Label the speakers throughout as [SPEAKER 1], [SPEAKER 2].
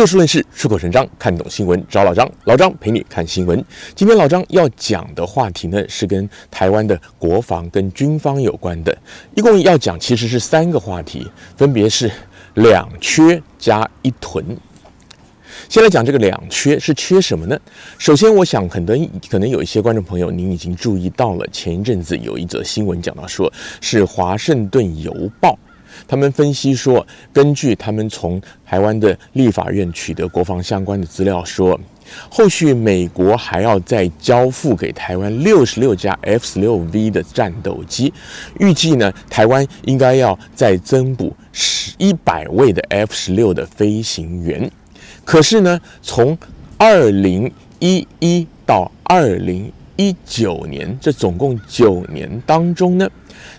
[SPEAKER 1] 就事論事，出口成章，看懂新聞找老張。老張陪你看新聞。今天老張要講的話題呢，是跟台灣的國防跟軍方有關的。一共要講其實是三個話題，分別是兩缺加一囤。先來講這個兩缺是缺什麼呢？首先，我想很多可能有一些觀眾朋友您已經注意到了，前一陣子有一則新聞講到說，說是《華盛頓郵報》。他們分析說，根據他們從台灣的立法院取得國防相關的資料說，後續美國還要再交付給台灣六十六架 F 十六 V 的戰鬥機，預計呢，台灣應該要再增補十一百位的 F 十六的飛行員。可是呢，從二零一一到二零。一九年，這總共九年當中呢，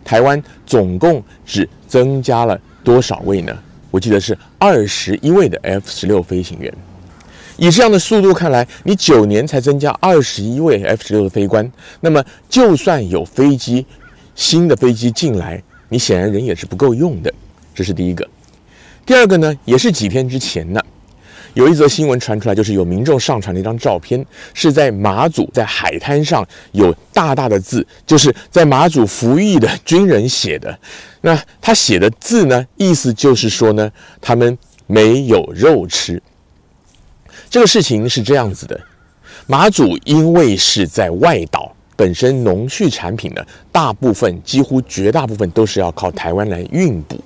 [SPEAKER 1] 台灣總共只增加了多少位呢？我記得是二十一位的 F 十六飛行員。以這樣的速度看來，你九年才增加二十一位 F 十六的飛官，那麼就算有飛機，新的飛機進來，你顯然人也是不夠用的。這是第一個。第二個呢，也是幾天之前呢。有一則新聞傳出來，就是有民眾上傳了一張照片，是在馬祖在海灘上有大大的字，就是在馬祖服役的軍人寫的。那他寫的字呢，意思就是說呢，他們沒有肉吃。這個事情是這樣子的，馬祖因為是在外島，本身農畜產品呢，大部分幾乎絕大部分都是要靠台灣來運補。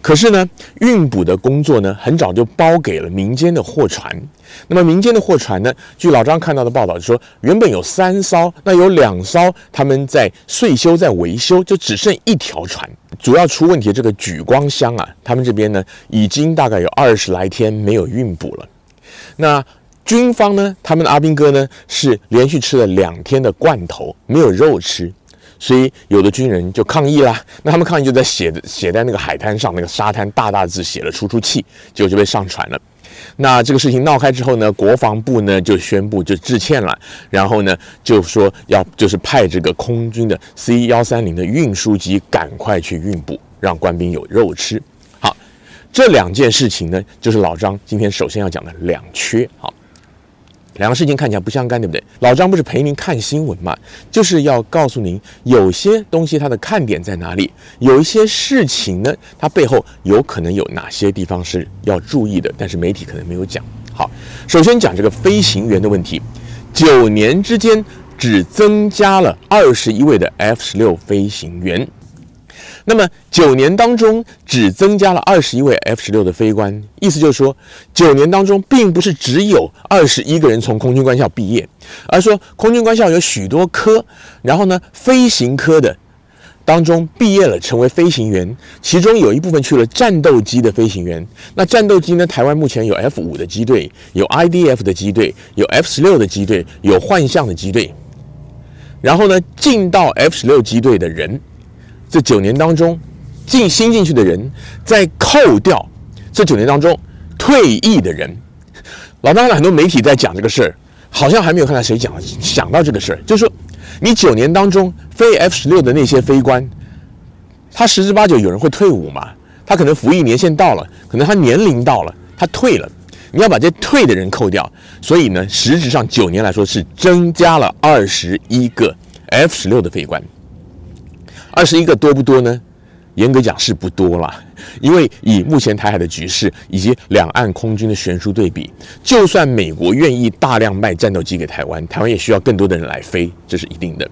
[SPEAKER 1] 可是呢，運補的工作呢，很早就包給了民間的貨船。那麼民間的貨船呢，據老章看到的報道說，說原本有三艘，那有兩艘他們在歲修，在維修，就只剩一條船。主要出問題這個莒光鄉啊，他們這邊呢，已經大概有二十來天沒有運補了。那軍方呢，他們的阿兵哥呢，是連續吃了兩天的罐頭，沒有肉吃。所以有的軍人就抗議啦，那他們抗議就在寫的寫在那個海灘上，那個沙灘大大字寫了出出氣，結果就被上傳了。那這個事情鬧開之後呢，國防部呢就宣布就致歉了，然後呢就說要就是派這個空軍的 C 幺三零的運輸機趕快去運補，讓官兵有肉吃。好，這兩件事情呢，就是老章今天首先要講的兩缺。好。兩個事情看起來不相干，對不對？老章不是陪您看新聞嘛，就是要告訴您有些東西它的看點在哪裡，有一些事情呢，它背後有可能有哪些地方是要注意的，但是媒體可能沒有講。好，首先講這個飛行員的問題，九年之間只增加了二十一位的 F 十六飛行員。那麼九年當中只增加了二十一位 F 十六的飛官，意思就是說，九年當中並不是只有二十一個人從空軍官校畢業，而說空軍官校有許多科，然後呢飛行科的當中畢業了成為飛行員，其中有一部分去了戰鬥機的飛行員。那戰鬥機呢，台灣目前有 F 五的機隊，有 IDF 的機隊，有 F 十六的機隊，有幻象的機隊，然後呢進到 F 十六機隊的人，這九年當中，進新進去的人，再扣掉這九年當中退役的人。老章呢，很多媒體在講這個事兒，好像還沒有看到誰講想到這個事兒。就是說，你九年當中飛 F 十六的那些飛官，他十之八九有人會退伍嘛？他可能服役年限到了，可能他年齡到了，他退了。你要把這退的人扣掉，所以呢，實質上九年來說是增加了二十一個 F 十六的飛官。二十一個多不多呢？嚴格講是不多了，因為以目前台海的局勢以及兩岸空軍的懸殊對比，就算美國願意大量賣戰鬥機給台灣，台灣也需要更多的人來飛，這是一定的。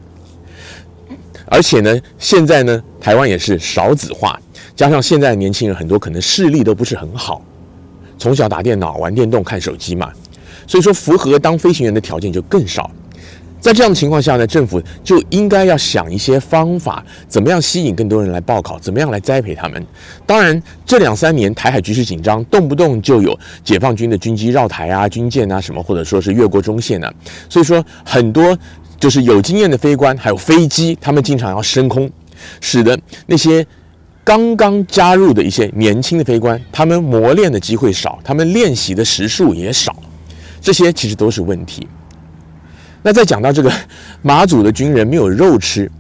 [SPEAKER 1] 而且呢，現在呢，台灣也是少子化，加上現在的年輕人很多可能視力都不是很好，從小打電腦、玩電動、看手機嘛，所以說符合當飛行員的條件就更少了。在這樣的情況下呢，政府就應該要想一些方法，怎麼樣吸引更多人來報考，怎麼樣來栽培他們。當然，這兩三年台海局勢緊張，動不動就有解放軍的軍機繞台啊、軍艦啊什麼，或者說是越過中線呢、啊。所以說，很多就是有經驗的飛官還有飛機，他們經常要升空，使得那些剛剛加入的一些年輕的飛官，他們磨練的機會少，他們練習的時數也少，這些其實都是問題。那再講到這個馬祖的軍人沒有肉吃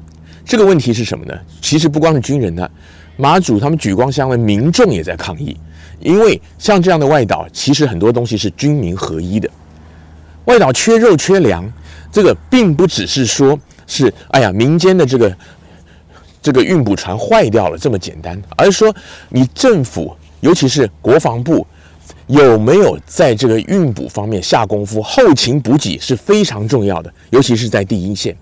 [SPEAKER 1] 這個問題是什麼呢？其實不光是軍人的、啊，馬祖他們莒光鄉的民眾也在抗議，因為像這樣的外島，其實很多東西是軍民合一的。外島缺肉缺糧，這個並不只是說是哎呀民間的這個這個運補船壞掉了這麼簡單，而是說你政府，尤其是國防部。有沒有在這個運補方面下功夫？後勤補給是非常重要的，尤其是在第一線。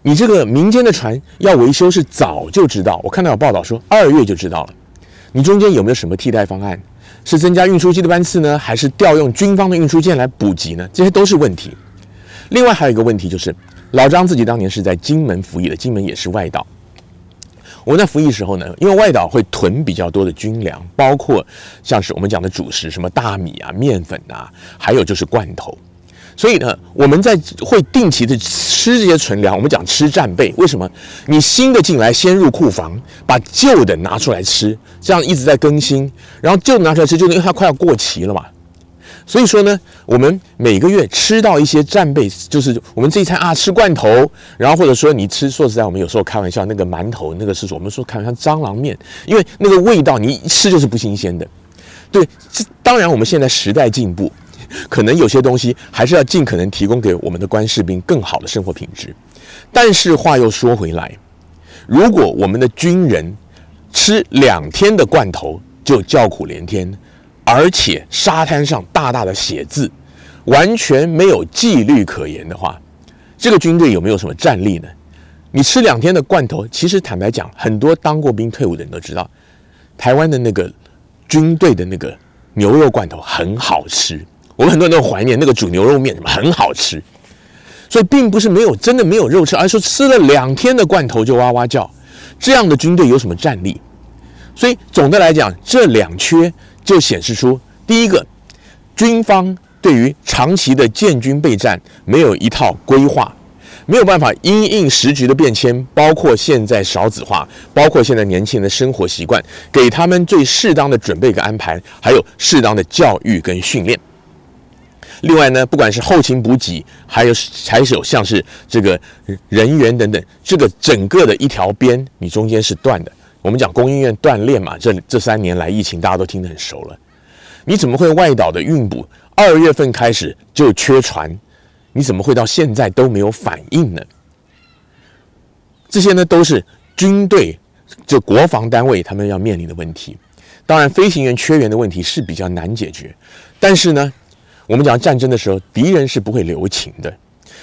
[SPEAKER 1] 你這個民間的船要維修是早就知道，我看到有報道說二月就知道了。你中間有沒有什麼替代方案？是增加運輸機的班次呢，還是調用軍方的運輸艦來補給呢？這些都是問題。另外還有一個問題就是，老張自己當年是在金門服役的，金門也是外島。我們在服役時候呢，因為外島會囤比較多的軍糧，包括像是我們講的主食，什麼大米啊、麵粉啊，還有就是罐頭。所以呢，我們在會定期的吃這些存糧。我們講吃戰備，為什麼？你新的進來先入庫房，把舊的拿出來吃，這樣一直在更新，然後舊的拿出來吃，就是因為它快要過期了嘛。所以說呢，我們每個月吃到一些戰備，就是我們這一餐啊吃罐頭，然後或者說你吃，說實在，我們有時候開玩笑，那個饅頭那個是我們說開玩笑，蟑螂麵，因為那個味道你一吃就是不新鮮的，對。當然我們現在時代進步，可能有些東西還是要盡可能提供給我們的官士兵更好的生活品質。但是話又說回來，如果我們的軍人吃兩天的罐頭就叫苦連天，而且沙灘上大大的寫字，完全沒有紀律可言的話，這個軍隊有沒有什麼戰力呢？你吃兩天的罐頭，其實坦白講，很多當過兵退伍的人都知道，台灣的那個軍隊的那個牛肉罐頭很好吃，我們很多人都懷念那個煮牛肉麵什麼，很好吃。所以並不是沒有真的沒有肉吃，而是吃了兩天的罐頭就哇哇叫，這樣的軍隊有什麼戰力？所以總的來講，這兩缺就顯示出，第一個，軍方對於長期的建軍備戰沒有一套規劃，沒有辦法因應時局的變遷，包括現在少子化，包括現在年輕人的生活習慣，給他們最適當的準備跟安排，還有適當的教育跟訓練。另外呢，不管是後勤補給，還有財手，是像是這個人員等等，這個整個的一條邊，你中間是斷的。我們講供應鏈斷裂嘛，這這三年來疫情大家都聽得很熟了。你怎麼會外島的運補，二月份開始就缺船，你怎麼會到現在都沒有反應呢？這些呢都是軍隊，就國防單位他們要面臨的問題。當然，飛行員缺員的問題是比較難解決。但是呢，我們講戰爭的時候，敵人是不會留情的。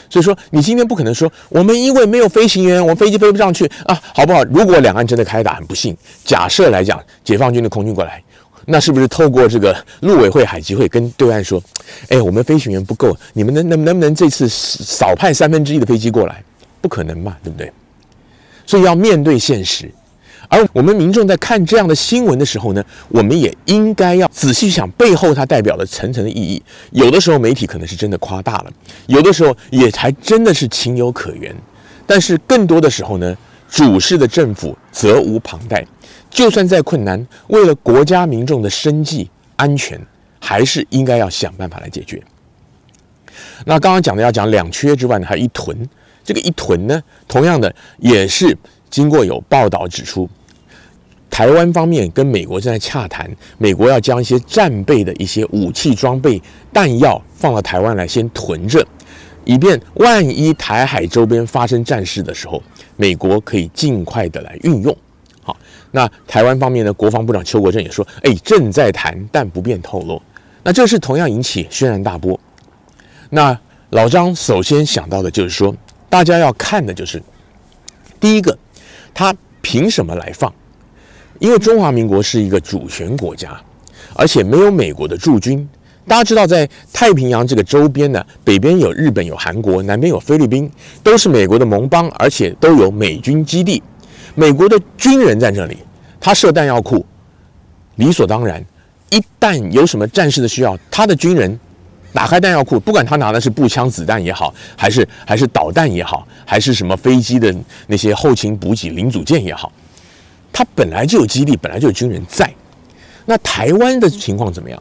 [SPEAKER 1] 所以說，你今天不可能說我們因為沒有飛行員，我們飛機飛不上去啊，好不好？如果兩岸真的開打，很不幸，假設來講，解放軍的空軍過來，那是不是透過這個陸委會、海基會跟對岸說，哎，我們飛行員不夠，你們能能能不能這次少派三分之一的飛機過來？不可能嘛，對不對？所以要面對現實。而我們民眾在看這樣的新聞的時候呢，我們也應該要仔細想背後它代表了層層的意義。有的時候媒體可能是真的誇大了，有的時候也還真的是情有可原。但是更多的時候呢，主事的政府責無旁貸，就算再困難，為了國家民眾的生計安全，還是應該要想辦法來解決。那剛剛講的要講兩缺之外呢，還有一囤。這個一囤呢，同樣的也是。經過有報道指出，台灣方面跟美國正在洽談，美國要將一些戰備的一些武器裝備、彈藥放到台灣來先囤着，以便萬一台海周邊發生戰事的時候，美國可以盡快的來運用。好，那台灣方面的國防部長邱國正也說：“哎，正在談，但不便透露。”那這是同樣引起軒然大波。那老張首先想到的就是說，大家要看的就是第一個。他憑什麼來放？因為中華民國是一個主權國家，而且沒有美國的駐軍。大家知道，在太平洋這個周邊呢，北邊有日本、有韓國，南邊有菲律賓，都是美國的盟邦，而且都有美軍基地。美國的軍人在這裡，他設彈藥庫，理所當然。一旦有什麼戰事的需要，他的軍人。打開彈藥庫，不管他拿的是步槍子彈也好，還是還是導彈也好，還是什麼飛機的那些後勤補給零組件也好，他本來就有基地，本來就有軍人在。那台灣的情況怎麼樣？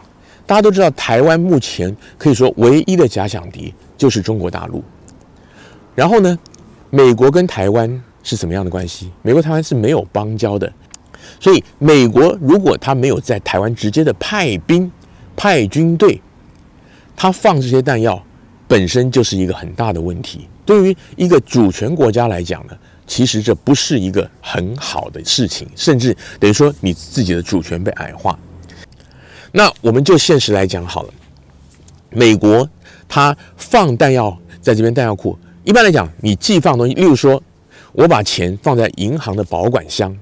[SPEAKER 1] 大家都知道，台灣目前可以說唯一的假想敵就是中國大陸。然後呢，美國跟台灣是什麼樣的關係？美國台灣是沒有邦交的，所以美國如果他沒有在台灣直接的派兵、派軍隊。他放這些彈藥，本身就是一個很大的問題。對於一個主權國家來講呢，其實這不是一個很好的事情，甚至等於說你自己的主權被矮化。那我們就現實來講好了，美國他放彈藥在這邊彈藥庫，一般來講，你寄放東西，例如說，我把錢放在銀行的保管箱，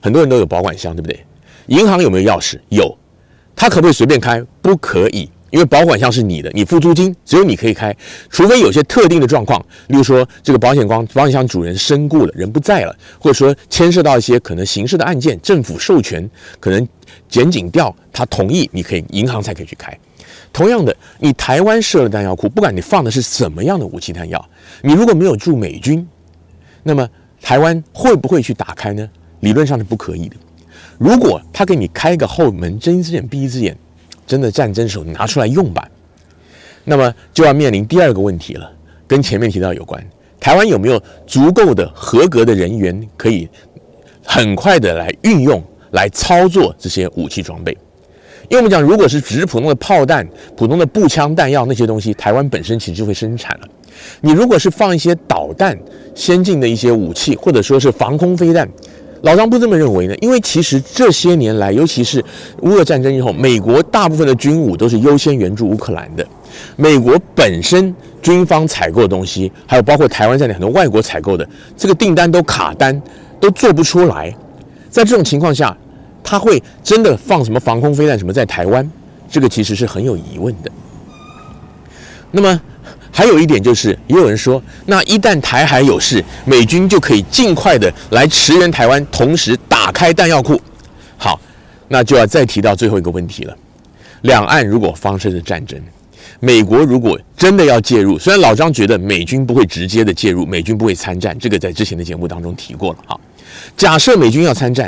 [SPEAKER 1] 很多人都有保管箱，對不對？銀行有沒有鑰匙？有，他可不可以隨便開？不可以。因為保管箱是你的，你付租金，只有你可以開，除非有些特定的狀況，例如說這個保險光保險箱主人身故了，人不在了，或者說牽涉到一些可能刑事的案件，政府授權可能檢警調他同意，你可以銀行才可以去開。同樣的，你台灣設了彈藥庫，不管你放的是什麼樣的武器彈藥，你如果沒有駐美軍，那麼台灣會不會去打開呢？理論上是不可以的。如果他給你開個後門，睜一只眼閉一只眼。真的戰爭時候拿出來用吧，那麼就要面臨第二個問題了，跟前面提到有關，台灣有沒有足夠的合格的人員可以很快的來運用、來操作這些武器裝備？因為我們講，如果是只是普通的炮彈、普通的步槍彈藥那些東西，台灣本身其實就會生產了。你如果是放一些導彈、先進的一些武器，或者說是防空飛彈。老張不這麼認為呢，因為其實這些年來，尤其是烏俄戰爭以後，美國大部分的軍武都是優先援助烏克蘭的。美國本身軍方採購的東西，還有包括台灣在內很多外國採購的這個訂單都卡單，都做不出來。在這種情況下，他會真的放什麼防空飛彈什麼在台灣？這個其實是很有疑問的。那麼。還有一點就是，也有人說，那一旦台海有事，美軍就可以儘快的來馳援台灣，同時打開彈藥庫。好，那就要再提到最後一個問題了：兩岸如果發生了戰爭，美國如果真的要介入，雖然老張覺得美軍不會直接的介入，美軍不會參戰，這個在之前的節目當中提過了哈。假設美軍要參戰，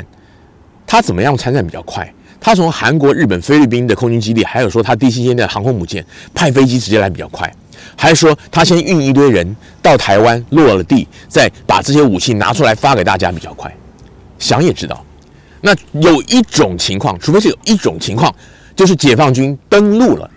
[SPEAKER 1] 他怎麼樣參戰比較快？他從韓國、日本、菲律賓的空軍基地，還有說他第七艦隊航空母艦派飛機直接來比較快，還是說，他先運一堆人到台灣落了地，再把這些武器拿出來發給大家比較快。想也知道，那有一種情況，除非是有一種情況，就是解放軍登陸了，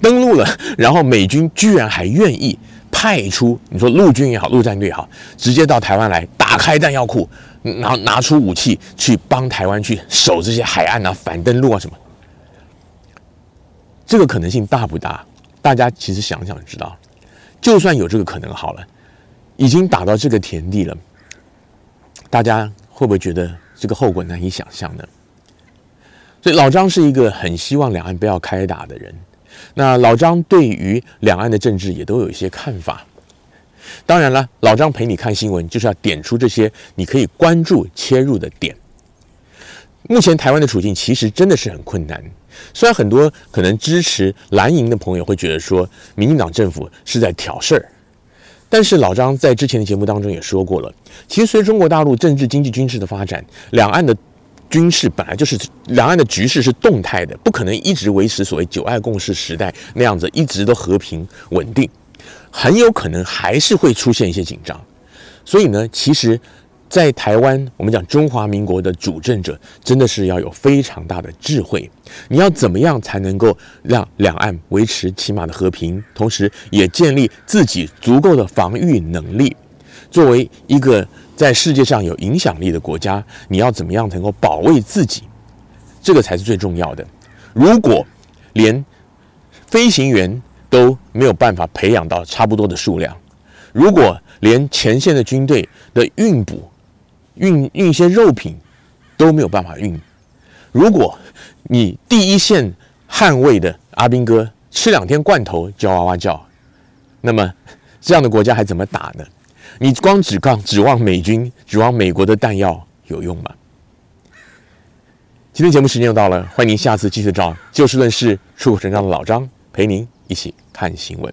[SPEAKER 1] 登陸了，然後美軍居然還願意派出，你說陸軍也好，陸戰隊也好，直接到台灣來打開彈藥庫，拿拿出武器去幫台灣去守這些海岸啊，反登陸啊什麼，這個可能性大不大？大家其實想想就知道，就算有這個可能好了，已經打到這個田地了，大家會不會覺得這個後果難以想象呢？所以老張是一個很希望兩岸不要開打的人。那老張對於兩岸的政治也都有一些看法。當然了，老張陪你看新聞就是要點出這些你可以關注切入的點。目前台灣的處境其實真的是很困難。雖然很多可能支持藍營的朋友會覺得說，民進黨政府是在挑事兒，但是老張在之前的節目當中也說過了，其實隨着中國大陸政治、經濟、軍事的發展，兩岸的軍事本來就是，兩岸的局勢是動態的，不可能一直維持所謂“九二共識”時代那樣子一直都和平穩定，很有可能還是會出現一些緊張，所以呢，其實。在台灣，我們講中華民國的主政者真的是要有非常大的智慧。你要怎麼樣才能夠讓兩岸維持起碼的和平，同時也建立自己足夠的防禦能力？作為一個在世界上有影響力的國家，你要怎麼樣才能夠保衛自己？這個才是最重要的。如果連飛行員都沒有辦法培養到差不多的數量，如果連前線的軍隊的運補，運運一些肉品都沒有辦法運。如果你第一線捍衛的阿兵哥吃兩天罐頭就哇哇叫，那麼這樣的國家還怎麼打呢？你光指靠指望美軍、指望美國的彈藥有用嗎？今天節目時間又到了，歡迎您下次繼續找就事論事、出口成章的老章陪您一起看新聞。